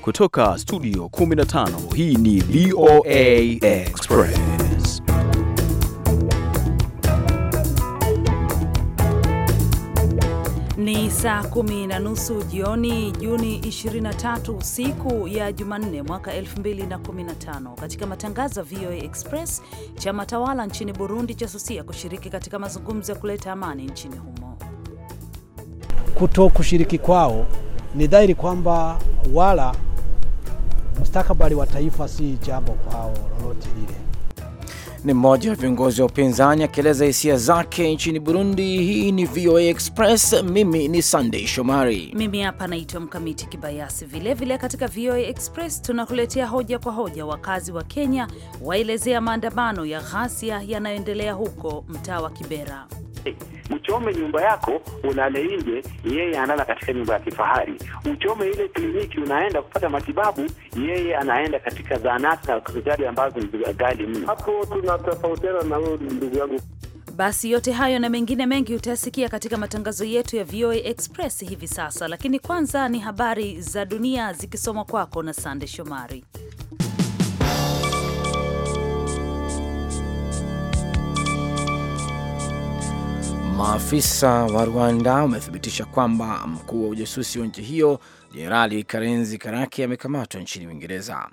Kutoka studio 15 hii ni VOA Express. Ni saa kumi na nusu jioni Juni 23 siku ya Jumanne mwaka 2015. Katika matangazo ya VOA Express, chama tawala nchini Burundi cha susia kushiriki katika mazungumzo ya kuleta amani nchini humo. Kuto kushiriki kwao ni dhahiri kwamba wala mustakabali wa taifa si jambo kwao lolote lile. Ni mmoja wa viongozi wa upinzani akieleza hisia zake nchini Burundi. Hii ni VOA Express, mimi ni sandey Shomari, mimi hapa naitwa Mkamiti Kibayasi. Vilevile katika VOA Express tunakuletea hoja kwa hoja. Wakazi wa Kenya waelezea maandamano ya ghasia yanayoendelea huko mtaa wa Kibera. Uchome nyumba yako ulale nje, yeye analala katika nyumba ya kifahari. Uchome ile kliniki unaenda kupata matibabu, yeye anaenda katika zahanati na hospitali ambazo ni ghali mno. Hapo tunatofautiana na wewe ndugu yangu. Basi yote hayo na mengine mengi utayasikia katika matangazo yetu ya VOA Express hivi sasa, lakini kwanza ni habari za dunia zikisomwa kwako na Sande Shomari. Maafisa wa Rwanda wamethibitisha kwamba mkuu wa ujasusi wa nchi hiyo Jenerali Karenzi Karake amekamatwa nchini Uingereza.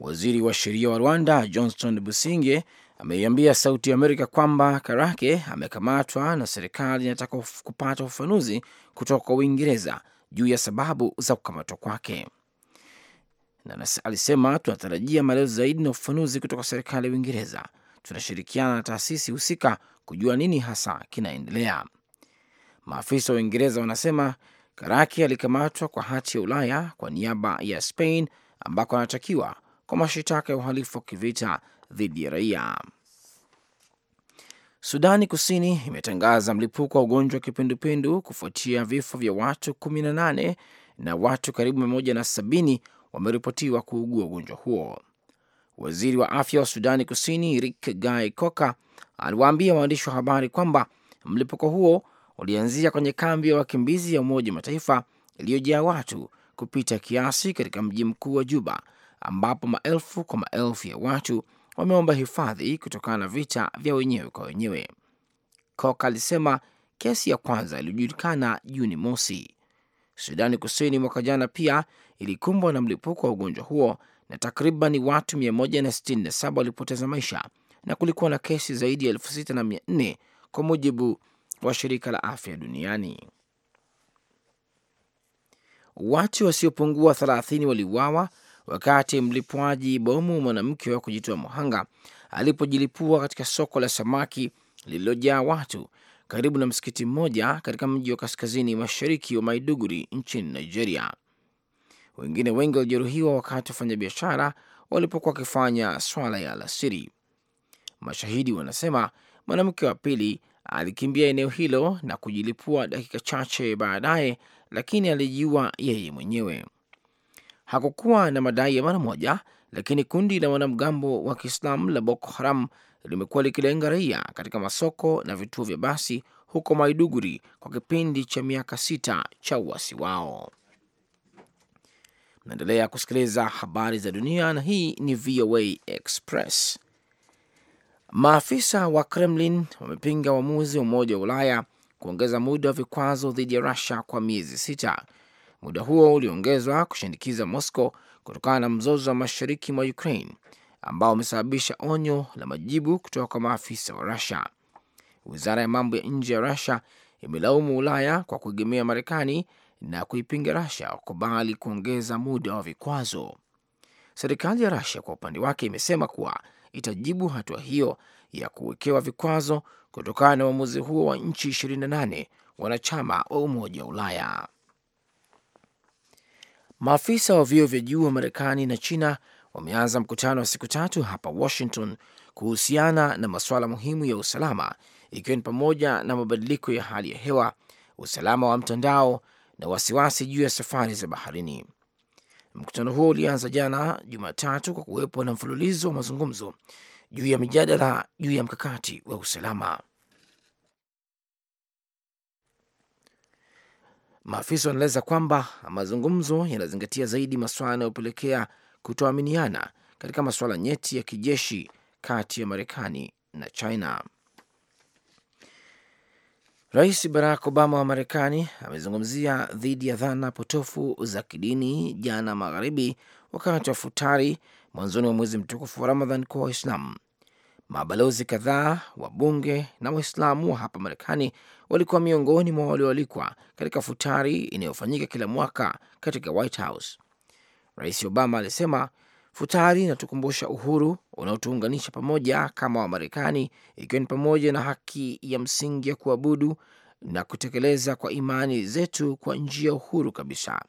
Waziri wa sheria wa Rwanda Johnston Businge ameiambia Sauti ya Amerika kwamba Karake amekamatwa na serikali inataka kupata ufafanuzi kutoka kwa Uingereza juu ya sababu za kukamatwa kwake, na alisema tunatarajia maelezo zaidi na ufafanuzi kutoka serikali ya Uingereza tunashirikiana na taasisi husika kujua nini hasa kinaendelea. Maafisa wa Uingereza wanasema Karaki alikamatwa kwa hati ya Ulaya kwa niaba ya Spain ambako anatakiwa kwa mashitaka ya uhalifu wa kivita dhidi ya raia. Sudani Kusini imetangaza mlipuko wa ugonjwa wa kipindupindu kufuatia vifo vya watu 18 na watu karibu 170 wameripotiwa kuugua ugonjwa huo. Waziri wa afya wa Sudani Kusini Rick Guy Koka aliwaambia waandishi wa habari kwamba mlipuko huo ulianzia kwenye kambi ya wakimbizi ya Umoja Mataifa iliyojaa watu kupita kiasi katika mji mkuu wa Juba, ambapo maelfu kwa maelfu ya watu wameomba hifadhi kutokana na vita vya wenyewe kwa wenyewe. Koka alisema kesi ya kwanza iliyojulikana Juni mosi. Sudani Kusini mwaka jana pia ilikumbwa na mlipuko wa ugonjwa huo na takriban watu 167 walipoteza maisha na kulikuwa na kesi zaidi ya elfu mia kwa mujibu wa shirika la afya duniani. Watu wasiopungua 30 waliuawa wakati mlipuaji bomu mwanamke wa kujitoa muhanga alipojilipua katika soko la samaki lililojaa watu karibu na msikiti mmoja katika mji wa kaskazini mashariki wa Maiduguri nchini Nigeria. Wengine wengi walijeruhiwa wakati wafanyabiashara walipokuwa wakifanya swala ya alasiri. Mashahidi wanasema mwanamke wa pili alikimbia eneo hilo na kujilipua dakika chache baadaye, lakini alijiua yeye mwenyewe. Hakukuwa na madai ya mara moja, lakini kundi la wanamgambo wa Kiislamu la Boko Haram limekuwa likilenga raia katika masoko na vituo vya basi huko Maiduguri kwa kipindi cha miaka sita cha uasi wao. Naendelea kusikiliza habari za dunia, na hii ni VOA Express. Maafisa wa Kremlin wamepinga uamuzi wa Umoja wa Ulaya kuongeza muda wa vikwazo dhidi ya Rusia kwa miezi sita. Muda huo uliongezwa kushinikiza Moscow kutokana na mzozo wa mashariki mwa Ukraine ambao umesababisha onyo la majibu kutoka kwa maafisa wa Rusia. Wizara ya mambo ya nje ya Rusia imelaumu Ulaya kwa kuegemea Marekani na kuipinga Russia kukubali kuongeza muda wa vikwazo. Serikali ya rasia kwa upande wake imesema kuwa itajibu hatua hiyo ya kuwekewa vikwazo kutokana na uamuzi huo wa nchi 28 wanachama wa Umoja wa Ulaya. Maafisa wa vyeo vya juu wa Marekani na China wameanza mkutano wa siku tatu hapa Washington kuhusiana na masuala muhimu ya usalama, ikiwa ni pamoja na mabadiliko ya hali ya hewa, usalama wa mtandao na wasiwasi juu ya safari za baharini. Mkutano huo ulianza jana Jumatatu kwa kuwepo na mfululizo wa mazungumzo juu ya mijadala juu ya mkakati wa usalama. Maafisa wanaeleza kwamba mazungumzo yanazingatia zaidi masuala yanayopelekea kutoaminiana katika masuala nyeti ya kijeshi kati ya Marekani na China. Rais Barack Obama wa Marekani amezungumzia dhidi ya dhana potofu za kidini jana magharibi, wakati wa futari mwanzoni wa mwezi mtukufu wa Ramadhan kwa Waislamu. Mabalozi kadhaa, wabunge na Waislamu wa hapa Marekani walikuwa miongoni mwa walioalikwa katika futari inayofanyika kila mwaka katika White House. Rais Obama alisema Futari inatukumbusha uhuru unaotuunganisha pamoja kama Wamarekani, ikiwa ni pamoja na haki ya msingi ya kuabudu na kutekeleza kwa imani zetu kwa njia uhuru kabisa.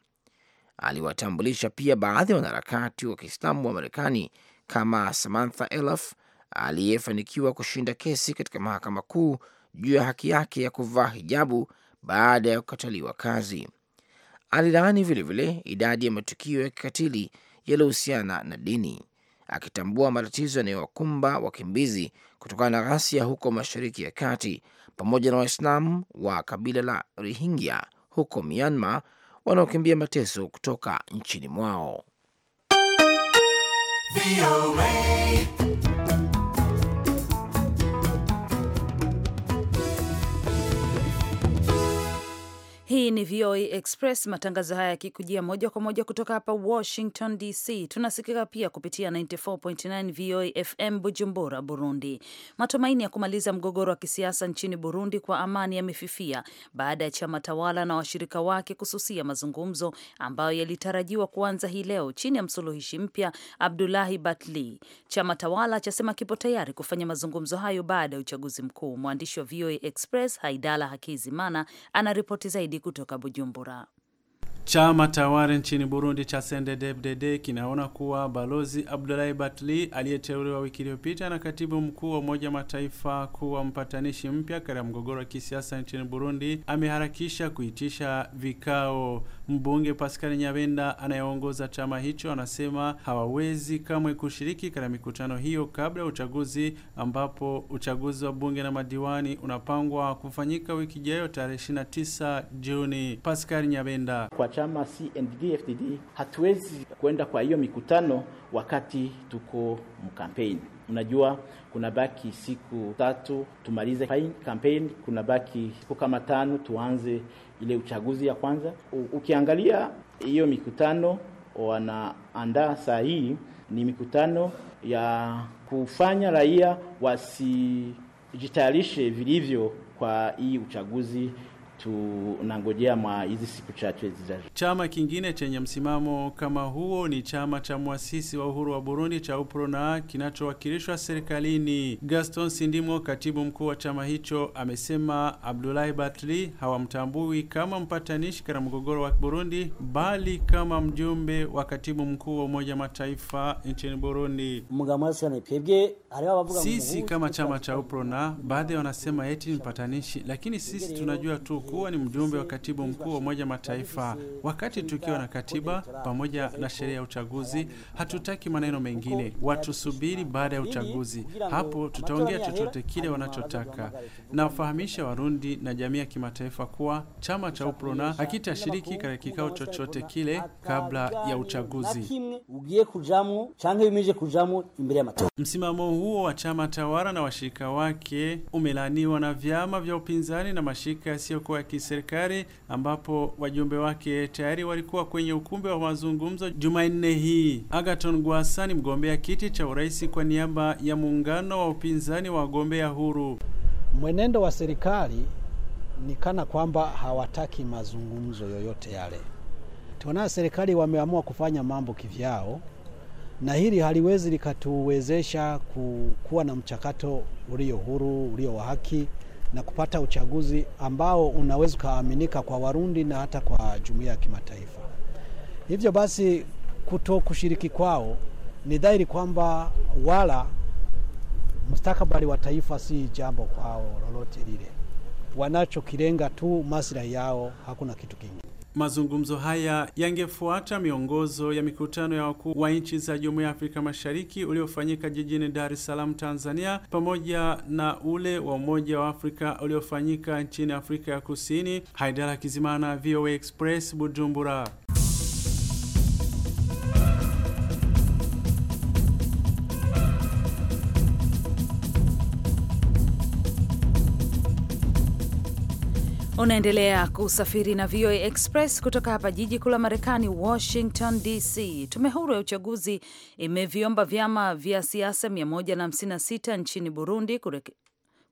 Aliwatambulisha pia baadhi ya wanaharakati wa Kiislamu wa Marekani kama Samantha Elaf aliyefanikiwa kushinda kesi katika mahakama kuu juu ya haki yake ya kuvaa hijabu baada ya kukataliwa kazi. Alilaani vilevile idadi ya matukio ya kikatili yaliyohusiana na dini, akitambua matatizo yanayowakumba wakimbizi kutokana na ghasia huko Mashariki ya Kati pamoja na Waislamu wa kabila la Rohingya huko Myanmar wanaokimbia mateso kutoka nchini mwao. Hii ni VOA Express, matangazo haya yakikujia moja kwa moja kutoka hapa Washington DC. Tunasikika pia kupitia 94.9 VOA FM Bujumbura, Burundi. Matumaini ya kumaliza mgogoro wa kisiasa nchini Burundi kwa amani yamefifia baada ya chama tawala na washirika wake kususia mazungumzo ambayo yalitarajiwa kuanza hii leo chini ya msuluhishi mpya Abdulahi Batli. Chama tawala chasema kipo tayari kufanya mazungumzo hayo baada ya uchaguzi mkuu. Mwandishi wa VOA Express Haidala Hakizimana anaripoti zaidi kutoka Bujumbura. Chama tawala nchini Burundi cha CNDD-FDD kinaona kuwa balozi Abdulahi Batli aliyeteuliwa wiki iliyopita na katibu mkuu wa Umoja Mataifa kuwa mpatanishi mpya katika mgogoro wa kisiasa nchini Burundi ameharakisha kuitisha vikao Mbunge Pascal Nyabenda anayeongoza chama hicho anasema hawawezi kamwe kushiriki katika mikutano hiyo kabla ya uchaguzi, ambapo uchaguzi wa bunge na madiwani unapangwa kufanyika wiki ijayo tarehe 29 Juni. Pascal Nyabenda: kwa chama CNDD-FDD hatuwezi kwenda kwa hiyo mikutano wakati tuko mkampeni. Unajua, kuna baki siku tatu tumalize campaign, kuna baki siku kama tano tuanze ile uchaguzi ya kwanza. Ukiangalia hiyo mikutano wanaandaa saa hii ni mikutano ya kufanya raia wasijitayarishe vilivyo kwa hii uchaguzi tunangojea ma hizi siku chache zijazo. Chama kingine chenye msimamo kama huo ni chama cha mwasisi wa uhuru wa Burundi cha UPRONA kinachowakilishwa serikalini. Gaston Sindimo, katibu mkuu wa chama hicho, amesema Abdulahi Batli hawamtambui kama mpatanishi katika mgogoro wa Burundi, bali kama mjumbe wa katibu mkuu wa Umoja Mataifa nchini Burundi. Sisi kama chama cha UPRONA, baadhi wanasema eti mpatanishi, lakini sisi tunajua tu kuwa ni mjumbe wa katibu mkuu wa Umoja Mataifa. Wakati tukiwa na katiba pamoja na sheria ya uchaguzi, hatutaki maneno mengine, watusubiri baada ya uchaguzi, hapo tutaongea chochote kile wanachotaka. Nawafahamisha Warundi na jamii ya kimataifa kuwa chama cha UPRONA hakitashiriki katika kikao chochote kile kabla ya uchaguzi. Msimamo huo wa chama tawala na washirika wake umelaniwa na vyama vya upinzani na mashirika yasiyokuwa ya kiserikali ambapo wajumbe wake tayari walikuwa kwenye ukumbi wa mazungumzo Jumanne hii. Agaton Gwasa ni mgombea kiti cha urais kwa niaba ya muungano wa upinzani wa wagombea huru. Mwenendo wa serikali ni kana kwamba hawataki mazungumzo yoyote yale. Tuna serikali wameamua kufanya mambo kivyao, na hili haliwezi likatuwezesha kuwa na mchakato ulio huru, ulio wa haki na kupata uchaguzi ambao unaweza ukaaminika kwa Warundi na hata kwa jumuiya ya kimataifa. Hivyo basi, kuto kushiriki kwao ni dhahiri kwamba wala mustakabali wa taifa si jambo kwao lolote lile. Wanachokilenga tu maslahi yao, hakuna kitu kingine. Mazungumzo haya yangefuata miongozo ya mikutano ya wakuu wa nchi za Jumuiya ya Afrika Mashariki uliofanyika jijini Dar es Salaam, Tanzania, pamoja na ule wa Umoja wa Afrika uliofanyika nchini Afrika ya Kusini. Haidara Kizimana, VOA Express, Bujumbura. Unaendelea kusafiri na VOA Express kutoka hapa jiji kuu la Marekani, Washington DC. Tume huru ya uchaguzi imeviomba vyama vya siasa 156 nchini Burundi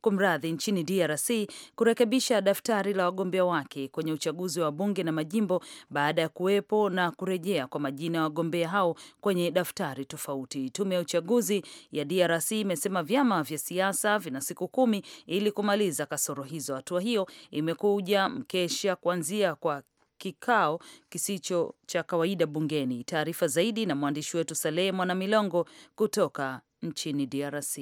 kumradhi, nchini DRC kurekebisha daftari la wagombea wake kwenye uchaguzi wa bunge na majimbo baada ya kuwepo na kurejea kwa majina ya wagombea hao kwenye daftari tofauti. Tume ya uchaguzi ya DRC imesema vyama vya siasa vina siku kumi ili kumaliza kasoro hizo. Hatua hiyo imekuja mkesha kuanzia kwa kikao kisicho cha kawaida bungeni. Taarifa zaidi na mwandishi wetu Salehe Mwanamilongo kutoka nchini DRC.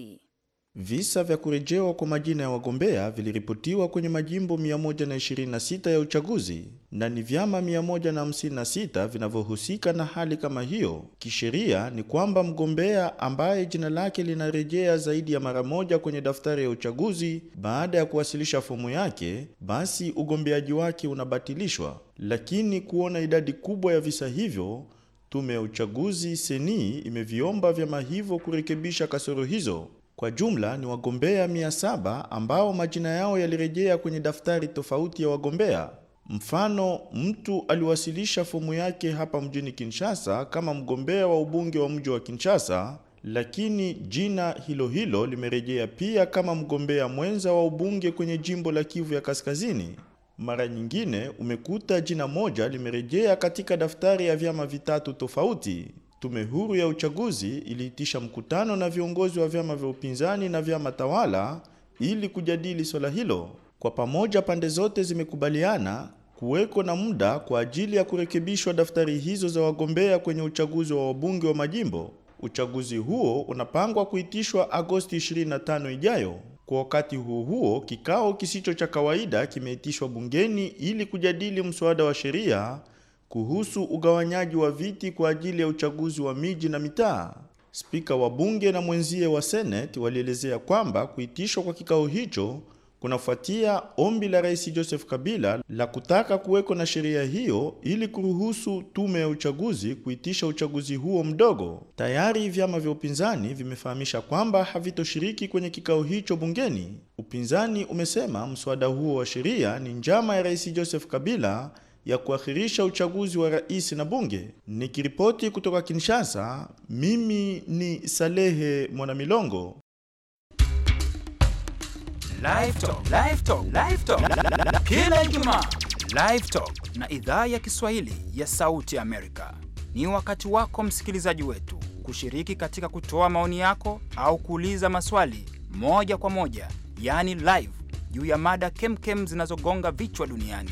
Visa vya kurejewa kwa majina ya wagombea viliripotiwa kwenye majimbo 126 ya uchaguzi na ni vyama 156 vinavyohusika na hali kama hiyo. Kisheria ni kwamba mgombea ambaye jina lake linarejea zaidi ya mara moja kwenye daftari ya uchaguzi baada ya kuwasilisha fomu yake, basi ugombeaji wake unabatilishwa. Lakini kuona idadi kubwa ya visa hivyo Tume ya uchaguzi seni imeviomba vyama hivyo kurekebisha kasoro hizo. Kwa jumla ni wagombea 700 ambao majina yao yalirejea kwenye daftari tofauti ya wagombea. Mfano, mtu aliwasilisha fomu yake hapa mjini Kinshasa kama mgombea wa ubunge wa mji wa Kinshasa, lakini jina hilo hilo limerejea pia kama mgombea mwenza wa ubunge kwenye jimbo la Kivu ya Kaskazini. Mara nyingine umekuta jina moja limerejea katika daftari ya vyama vitatu tofauti. Tume Huru ya Uchaguzi iliitisha mkutano na viongozi wa vyama vya upinzani na vyama tawala ili kujadili swala hilo. Kwa pamoja, pande zote zimekubaliana kuweko na muda kwa ajili ya kurekebishwa daftari hizo za wagombea kwenye uchaguzi wa wabunge wa majimbo. Uchaguzi huo unapangwa kuitishwa Agosti 25 ijayo. Kwa wakati huo huo, kikao kisicho cha kawaida kimeitishwa bungeni ili kujadili mswada wa sheria kuhusu ugawanyaji wa viti kwa ajili ya uchaguzi wa miji na mitaa. Spika wa bunge na mwenzie wa seneti walielezea kwamba kuitishwa kwa kikao hicho kunafuatia ombi la Rais Joseph Kabila la kutaka kuweko na sheria hiyo ili kuruhusu tume ya uchaguzi kuitisha uchaguzi huo mdogo. Tayari vyama vya upinzani vimefahamisha kwamba havitoshiriki kwenye kikao hicho bungeni. Upinzani umesema mswada huo wa sheria ni njama ya Rais Joseph Kabila ya kuakhirisha uchaguzi wa rais na bunge. Nikiripoti kutoka Kinshasa, mimi ni Salehe Mwanamilongo. Live Talk, Live Talk, Live Talk. Kila Ijumaa Live Talk na idhaa ya Kiswahili ya Sauti Amerika. Ni wakati wako msikilizaji wetu kushiriki katika kutoa maoni yako au kuuliza maswali moja kwa moja, yaani live juu ya mada kemkem zinazogonga vichwa duniani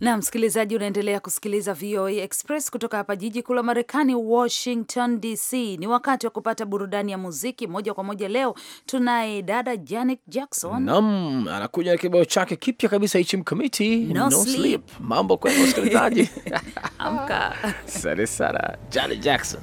na msikilizaji, unaendelea kusikiliza VOA Express kutoka hapa jiji kuu la Marekani, Washington DC. Ni wakati wa kupata burudani ya muziki moja kwa moja. Leo tunaye dada Janet Jackson. nam anakuja na kibao chake kipya kabisa hichi mkamiti, no, no sleep. Sleep. Mambo kwa msikilizaji. Amka. Sare sana Janet Jackson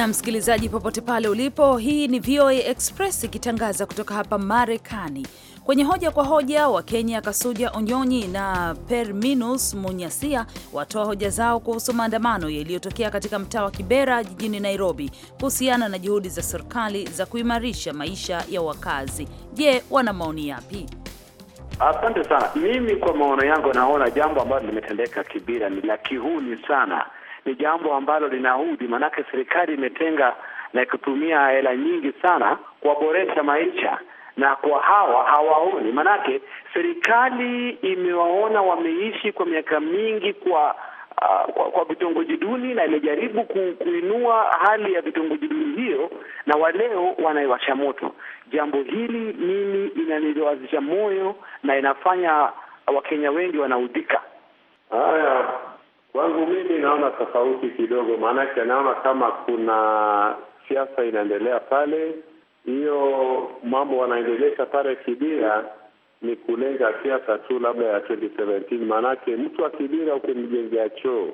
na msikilizaji, popote pale ulipo, hii ni VOA Express ikitangaza kutoka hapa Marekani. Kwenye hoja kwa hoja wa Kenya Kasuja Onyonyi na Perminus Munyasia watoa hoja zao kuhusu maandamano yaliyotokea katika mtaa wa Kibera jijini Nairobi kuhusiana na juhudi za serikali za kuimarisha maisha ya wakazi. Je, wana maoni yapi? Asante sana. Mimi kwa maono yangu naona jambo ambalo limetendeka Kibera ni la kihuni sana ni jambo ambalo linaudi maanake serikali imetenga na kutumia hela nyingi sana kuwaboresha maisha na kwa hawa hawaoni, manake serikali imewaona wameishi kwa miaka mingi kwa uh, kwa, kwa vitongoji duni na imejaribu ku, kuinua hali ya vitongoji duni hiyo, na waleo wanaiwasha moto. Jambo hili mimi inaniliwazisha moyo na inafanya Wakenya wengi wanaudhika. Haya, Kwangu mimi naona tofauti kidogo, maanake naona kama kuna siasa inaendelea pale. Hiyo mambo wanaendelesha pale Kibira ni kulenga siasa tu, labda ya 2017 maanake mtu wa Kibira ukimjengea choo,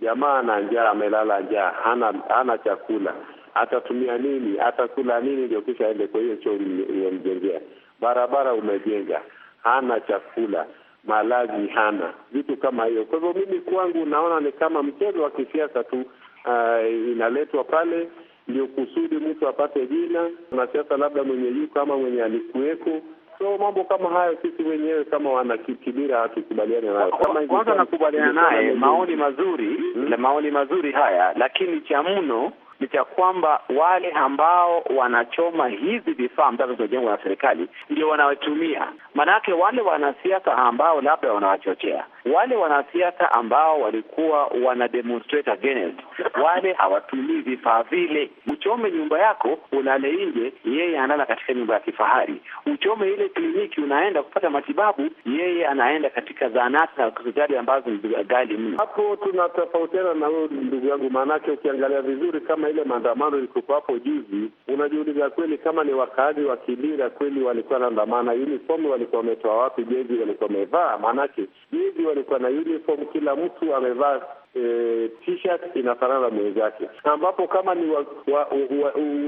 jamaa ana njaa, amelala njaa, hana hana chakula, atatumia nini? Atakula nini ndio kisha aende kwa hiyo choo uliyomjengea? Barabara umejenga, hana chakula malazi hana vitu kama hiyo. Kwa hivyo mimi kwangu naona ni kama mchezo wa kisiasa tu, uh, inaletwa pale ndio kusudi mtu apate jina, mwanasiasa labda mwenye yuko ama mwenye alikuweko. So mambo kama hayo sisi wenyewe kama wanakibira hatukubaliani nayo. Kwanza nakubaliana naye, maoni mazuri hmm, maoni mazuri haya, lakini cha mno ni cha kwamba wale ambao wanachoma hizi vifaa ambavyo vinajengwa na serikali ndio wanawatumia Maanake wale wanasiasa ambao labda wanawachochea wale wanasiasa ambao walikuwa wana demonstrate against wale hawatumii vifaa vile. Uchome nyumba yako ulale nje, yeye analala katika nyumba ya kifahari. Uchome ile kliniki unaenda kupata matibabu, yeye anaenda katika zahanati na hospitali ambazo ni ghali mno. Hapo tunatofautiana na huyo ndugu yangu, maanake ukiangalia vizuri, kama ile maandamano ilikuwa hapo juzi, unajiuliza kweli kama ni wakaaji wa Kibira kweli walikuwa naandamana, uniform walikuwa wametoa wapi, jezi walikuwa wamevaa, maanake jezi walikuwa na uniform, kila mtu amevaa e, t-shirt inafanana na mwenzake, ambapo kama ni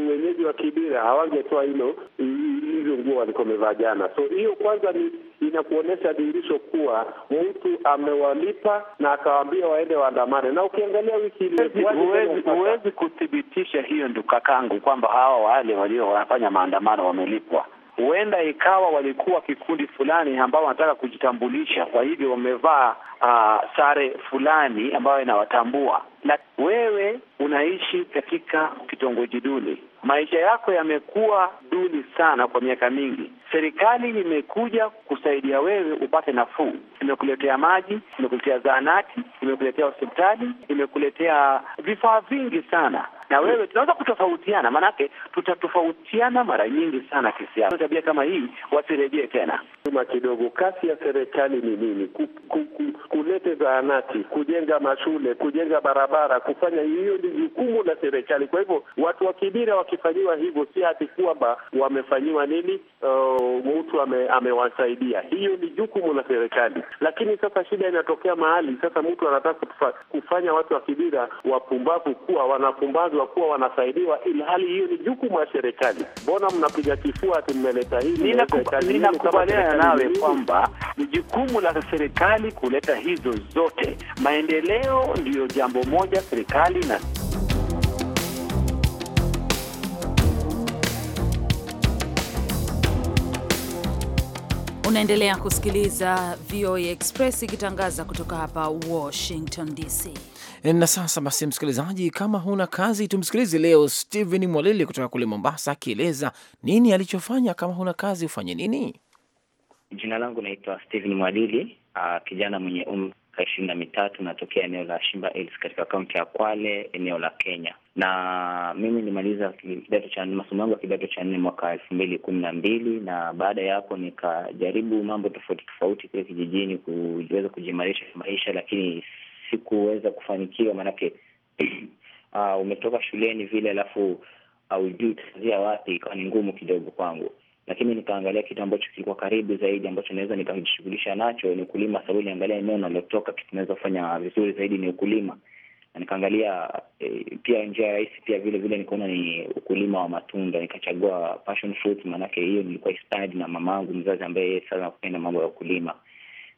wenyeji wa Kibira hawangetoa hilo hizo nguo walikuwa wamevaa jana. So hiyo kwanza ni inakuonyesha dirisho kuwa mtu amewalipa na akawaambia waende waandamane, na ukiangalia wiki ile huwezi kuthibitisha hiyo, ndugu kakangu, kwamba hawa wale walio wanafanya maandamano wamelipwa huenda ikawa walikuwa kikundi fulani ambao wanataka kujitambulisha, kwa hivyo wamevaa uh, sare fulani ambayo inawatambua. wewe unaishi katika kitongoji duni, maisha yako yamekuwa duni sana kwa miaka mingi. Serikali imekuja kusaidia wewe upate nafuu, imekuletea maji, imekuletea zahanati, imekuletea hospitali, imekuletea vifaa vingi sana na wewe tunaweza kutofautiana, maanake tutatofautiana mara nyingi sana kisiasa. Tabia kama hii wasirejee tena nyuma kidogo. kasi ya serikali ni nini? Ku, ku, ku, kulete zahanati, kujenga mashule, kujenga barabara, kufanya hiyo, ni jukumu la serikali. Kwa hivyo watu wa Kibira wakifanyiwa hivyo, si hati kwamba wamefanyiwa nini, uh, mtu ame, amewasaidia. Hiyo ni jukumu la serikali, lakini sasa shida inatokea mahali sasa mtu anataka kufanya watu wa Kibira wapumbavu kuwa wanapumbazwa kuwa wanasaidiwa, ili hali hiyo ni jukumu la serikali. Mbona mnapiga kifua ati mmeleta hili? Ninakubaliana nawe kwamba ni jukumu la serikali kuleta hizo zote maendeleo, ndiyo jambo moja serikali na Unaendelea kusikiliza VOA Express ikitangaza kutoka hapa Washington DC. Eh, na sasa basi, msikilizaji, kama huna kazi, tumsikilize leo stehen Mwalili kutoka kule Mombasa akieleza nini alichofanya. Kama huna kazi ufanye nini? Jina langu naitwa Steven mwalili ah, kijana mwenye umri ishirini na mitatu natokea eneo la Shimba Hills katika kaunti ya Kwale, eneo la Kenya, na mimi nilimaliza kidato cha nne, masomo yangu ya kidato cha nne mwaka elfu mbili kumi na mbili na baada ya hapo nikajaribu mambo tofauti tofauti kule kijijini kuweza kujimarisha maisha, lakini sikuweza kufanikiwa maanake uh, umetoka shuleni vile alafu aujui uh, utaanzia wapi, ikawa ni ngumu kidogo kwangu lakini nikaangalia kitu ambacho kilikuwa karibu zaidi ambacho naweza nikajishughulisha nacho ni ukulima, sababu niliangalia eneo nalotoka, kitu naweza kufanya vizuri zaidi ni ukulima, na nikaangalia e, pia njia rahisi pia vile vile nikaona ni ukulima wa matunda, nikachagua passion fruit, maanake hiyo nilikuwa inspired na mamangu mzazi ambaye yeye sana kupenda mambo ya ukulima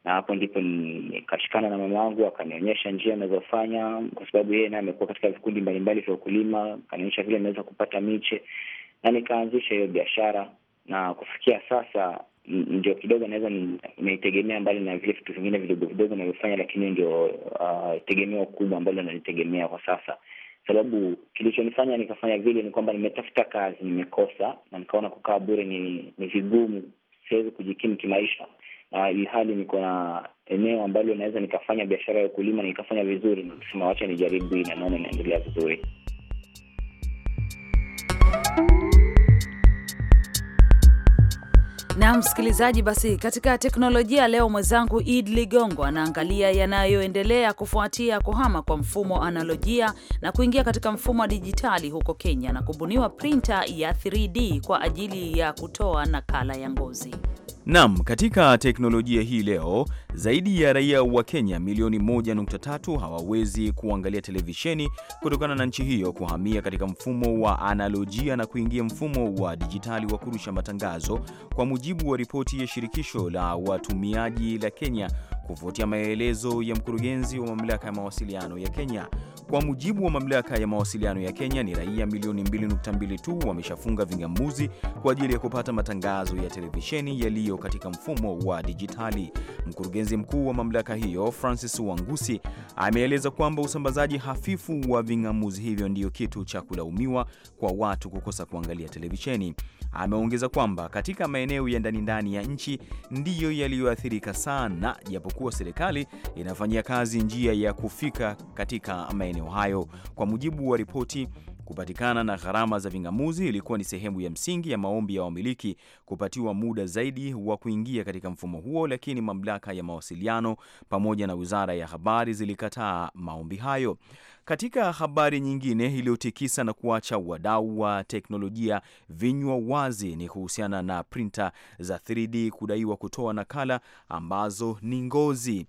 na hapo ndipo nikashikana na mama wangu, akanionyesha njia anazofanya, kwa sababu yeye naye amekuwa katika vikundi mbalimbali vya ukulima. Akanionyesha vile anaweza kupata miche na nikaanzisha hiyo biashara, na kufikia sasa ndio kidogo naweza naitegemea, mbali na vile vitu vingine vidogo vidogo navyofanya, lakini ndio uh, tegemeo kubwa ambalo nalitegemea kwa sasa. Sababu kilichonifanya nikafanya vile ni kwamba nimetafuta kazi nimekosa, na nikaona kukaa bure ni ni vigumu, siwezi kujikimu kimaisha, na uh, ilhali niko na eneo ambalo naweza nikafanya biashara ya ukulima na nikafanya vizuri, nikasema wacha nijaribu hii, na naona inaendelea vizuri. na msikilizaji, basi katika teknolojia leo mwenzangu Id Ligongo anaangalia yanayoendelea kufuatia kuhama kwa mfumo analojia na kuingia katika mfumo wa dijitali huko Kenya na kubuniwa printa ya 3D kwa ajili ya kutoa nakala ya ngozi. Nam, katika teknolojia hii leo, zaidi ya raia wa Kenya milioni 1.3 hawawezi kuangalia televisheni kutokana na nchi hiyo kuhamia katika mfumo wa analojia na kuingia mfumo wa dijitali wa kurusha matangazo, kwa mujibu wa ripoti ya shirikisho la watumiaji la Kenya kufuatia maelezo ya mkurugenzi wa mamlaka ya mawasiliano ya Kenya. Kwa mujibu wa mamlaka ya mawasiliano ya Kenya, ni raia milioni 2.2 tu wameshafunga vingamuzi kwa ajili ya kupata matangazo ya televisheni yaliyo katika mfumo wa dijitali. Mkurugenzi mkuu wa mamlaka hiyo Francis Wangusi ameeleza kwamba usambazaji hafifu wa ving'amuzi hivyo ndiyo kitu cha kulaumiwa kwa watu kukosa kuangalia televisheni. Ameongeza kwamba katika maeneo ya ndani ndani ya nchi ndiyo yaliyoathirika sana, japokuwa serikali inafanyia kazi njia ya kufika katika maeneo maeneo hayo. Kwa mujibu wa ripoti, kupatikana na gharama za ving'amuzi ilikuwa ni sehemu ya msingi ya maombi ya wamiliki kupatiwa muda zaidi wa kuingia katika mfumo huo, lakini mamlaka ya mawasiliano pamoja na wizara ya habari zilikataa maombi hayo. Katika habari nyingine iliyotikisa na kuacha wadau wa teknolojia vinywa wazi ni kuhusiana na printa za 3D kudaiwa kutoa nakala ambazo ni ngozi.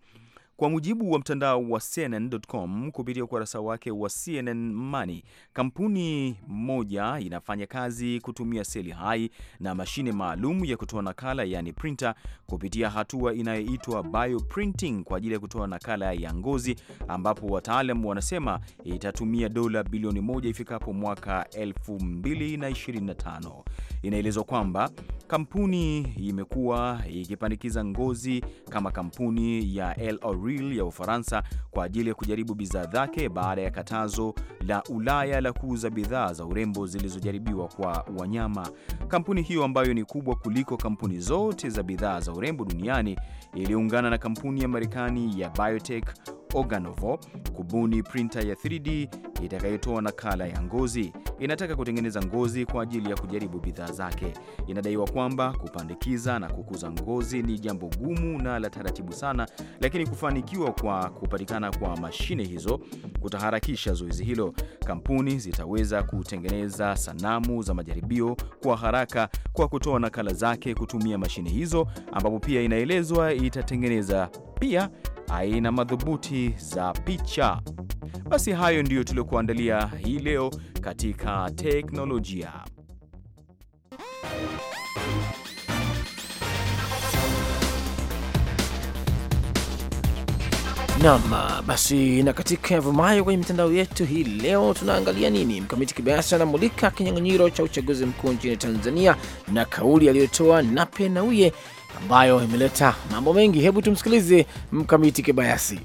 Kwa mujibu wa mtandao wa CNN.com kupitia ukurasa wake wa CNN Money, kampuni moja inafanya kazi kutumia seli hai na mashine maalum ya kutoa nakala, yani printer, kupitia hatua inayoitwa bioprinting kwa ajili ya kutoa nakala ya ngozi, ambapo wataalam wanasema itatumia dola bilioni moja ifikapo mwaka 2025. Inaelezwa kwamba kampuni imekuwa ikipandikiza ngozi kama kampuni ya LR Lille ya Ufaransa kwa ajili ya kujaribu bidhaa zake baada ya katazo la Ulaya la kuuza bidhaa za urembo zilizojaribiwa kwa wanyama. Kampuni hiyo ambayo ni kubwa kuliko kampuni zote za bidhaa za urembo duniani iliungana na kampuni ya Marekani ya biotech Organovo kubuni printa ya 3D itakayotoa nakala ya ngozi. Inataka kutengeneza ngozi kwa ajili ya kujaribu bidhaa zake. Inadaiwa kwamba kupandikiza na kukuza ngozi ni jambo gumu na la taratibu sana, lakini kufanikiwa kwa kupatikana kwa mashine hizo kutaharakisha zoezi hilo. Kampuni zitaweza kutengeneza sanamu za majaribio kwa haraka kwa kutoa nakala zake kutumia mashine hizo, ambapo pia inaelezwa itatengeneza pia aina madhubuti za picha. Basi hayo ndiyo tuliokuandalia hii leo katika teknolojia. nam basi na katika yavumayo kwenye mitandao yetu hii leo tunaangalia nini? Mkamiti Kibayasi anamulika kinyang'anyiro cha uchaguzi mkuu nchini Tanzania na kauli aliyotoa Nape Nnauye ambayo imeleta mambo mengi. Hebu tumsikilize Mkamiti Kibayasi.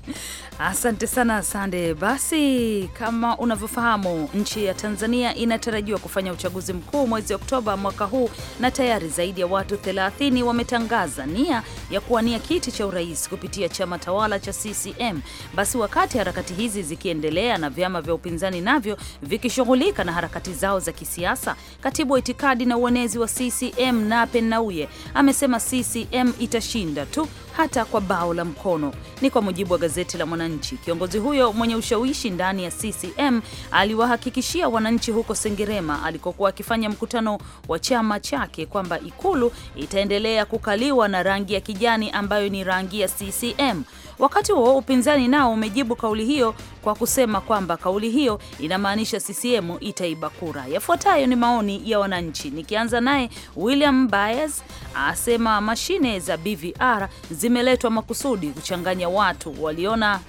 Asante sana, sande Basi, kama unavyofahamu, nchi ya Tanzania inatarajiwa kufanya uchaguzi mkuu mwezi Oktoba mwaka huu, na tayari zaidi ya watu 30 wametangaza nia ya kuwania kiti cha urais kupitia chama tawala cha CCM. Basi, wakati harakati hizi zikiendelea na vyama vya upinzani navyo vikishughulika na harakati zao za kisiasa, katibu wa itikadi na uenezi wa CCM Nape Nnauye amesema CCM itashinda tu hata kwa bao la mkono. Ni kwa mujibu wa gazeti la Mwananchi. Kiongozi huyo mwenye ushawishi ndani ya CCM aliwahakikishia wananchi huko Sengerema alikokuwa akifanya mkutano wa chama chake kwamba Ikulu itaendelea kukaliwa na rangi ya kijani ambayo ni rangi ya CCM. Wakati huo upinzani nao umejibu kauli hiyo kwa kusema kwamba kauli hiyo inamaanisha CCM itaiba kura. Yafuatayo ni maoni ya wananchi, nikianza naye William Baez asema mashine za BVR zimeletwa makusudi kuchanganya watu, waliona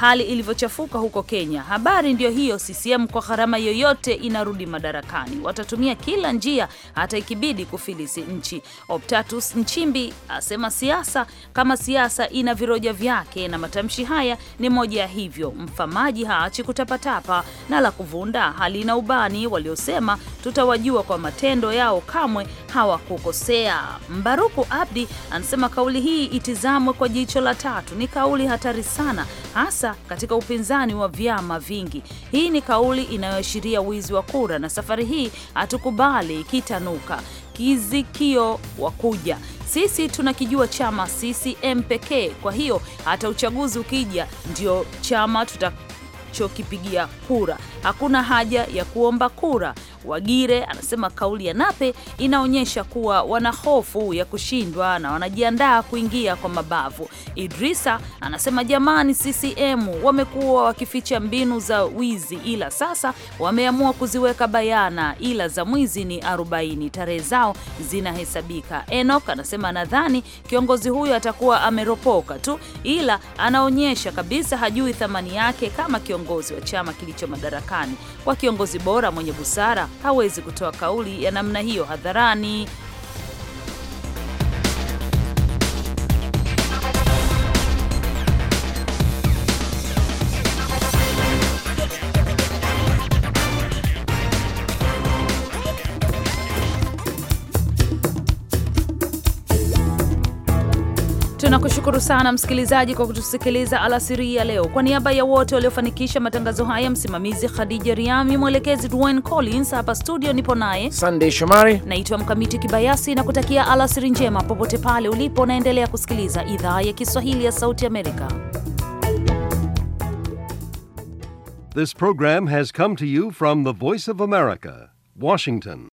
hali ilivyochafuka huko Kenya. Habari ndio hiyo, CCM kwa gharama yoyote inarudi madarakani, watatumia kila njia, hata ikibidi kufilisi nchi. Optatus Nchimbi asema siasa kama siasa ina viroja vyake, na matamshi haya ni moja ya hivyo. Mfamaji haachi kutapatapa na la kuvunda halina ubani. Waliosema tutawajua kwa matendo yao kamwe hawakukosea. Mbaruku Abdi anasema kauli hii itizamwe kwa jicho la tatu, ni kauli hatari sana hasa hasa katika upinzani wa vyama vingi. Hii ni kauli inayoashiria wizi wa kura, na safari hii hatukubali kitanuka kizikio wakuja sisi tunakijua chama CCM pekee. Kwa hiyo hata uchaguzi ukija, ndio chama tutachokipigia kura hakuna haja ya kuomba kura. Wagire anasema kauli ya Nape inaonyesha kuwa wana hofu ya kushindwa na wanajiandaa kuingia kwa mabavu. Idrisa anasema jamani, CCM wamekuwa wakificha mbinu za wizi, ila sasa wameamua kuziweka bayana, ila za mwizi ni 40, tarehe zao zinahesabika. Enoch anasema nadhani kiongozi huyo atakuwa ameropoka tu, ila anaonyesha kabisa hajui thamani yake kama kiongozi wa chama kilicho madarakani. Marekani. Kwa kiongozi bora mwenye busara hawezi kutoa kauli ya namna hiyo hadharani, Tunakushukuru sana msikilizaji kwa kutusikiliza alasiri ya leo. Kwa niaba ya wote waliofanikisha matangazo haya, msimamizi Khadija Riami, mwelekezi Dwayne Collins, hapa studio nipo naye Sunday Shomari, naitwa Mkamiti Kibayasi na kutakia alasiri njema popote pale ulipo. Naendelea kusikiliza idhaa ya Kiswahili ya Sauti Amerika. This program has come to you from the Voice of America, Washington.